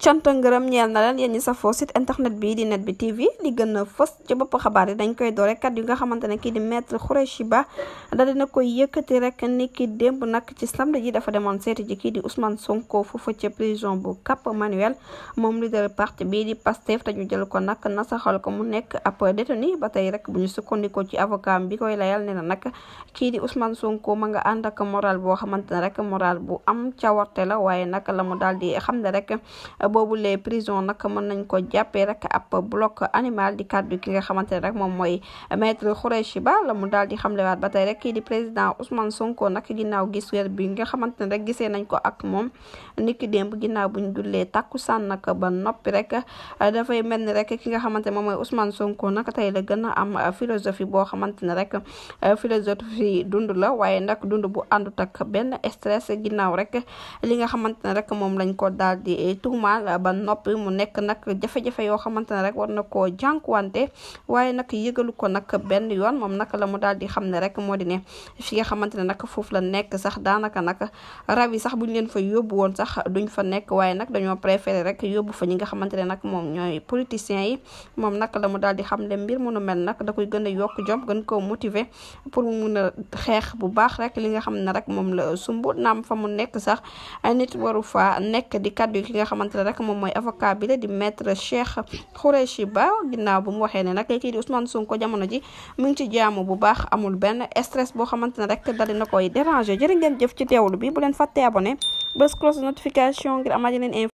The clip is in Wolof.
cant ngërëm ñeel na leen yéen ñi internet bi di net bi tv li gën a fës ci bopp xabaar yi dañ koy doore kàddu yi nga xamante ne kii di maître Khoureychi Ba dal dina koy yëkkati rek ni ki démb nag ci samedi ji dafa demoon seeti ji kii di Ousmane Sonko foofu ca prison bu Cap Manuel moom leader parti bii di Pastef te ñu jël ko nag nasaxal ko mu nekk ab ni ba tey rek bu ñu sukkandikoo ci avocat bi koy layal ne na nag kii di Ousmane Sonko ma nga ànd ak moral boo xamante ne rek moral bu am cawarte la waaye nag la mu daal di xam ne rek boobu les prison nag mën nañ ko jàppee rek ab bloc animal di kàddu ki nga xamante ne rek moom mooy maître Khoureyssi Ba la mu daal di xamlewaat ba tey rek kii di président Ousmane Sonko nag ginnaaw gis weer bi nga xamante ne rek gisee nañ ko ak moom niki démb ginnaaw buñ jullee takkusaan nag ba noppi rek dafay mel ni rek ki nga xamante ne moom mooy Ousmane Sonko nag tey la gën a am philosophie boo xamante ne rek philosophie dund la waaye nag dund bu àndut ak benn stress ginnaaw rek li nga xamante ne lañ ko daal di tuumaal euh, ba noppi mu nekk nag jafe-jafe yoo xamante ne rek war na koo wante waaye nag yëgalu ko nag benn yoon moom nag la mu daal di xam ne rek moo di ne fi nga xamante ne nag foofu la nekk sax daanaka nag rab yi sax bu leen fa yóbbu woon sax duñ fa nekk waaye nag dañoo préféré rek yóbbu fa ñi nga xamante ne nag moom ñooy politiciens yi moom nag la mu daal di xam ne mbir mu nu mel nag da koy gën a yokk jom gën koo motiver pour mu mun a xeex bu baax rek li nga xam ne rek moom la sumb naam fa mu nekk sax nit waru fa nekk di kaddu ki nga xamante xamante ne rek moom mooy avocat bi la di maître Ba ginnaaw bu mu waxee ne nag kii di Ousmane ci jaamu bu baax amul benn stress boo xamante ne rek dal dina koy déranger jërë ngeen jëf ci teewlu bi bu leen fàttee abonné bés close notification ngir amaat yeneen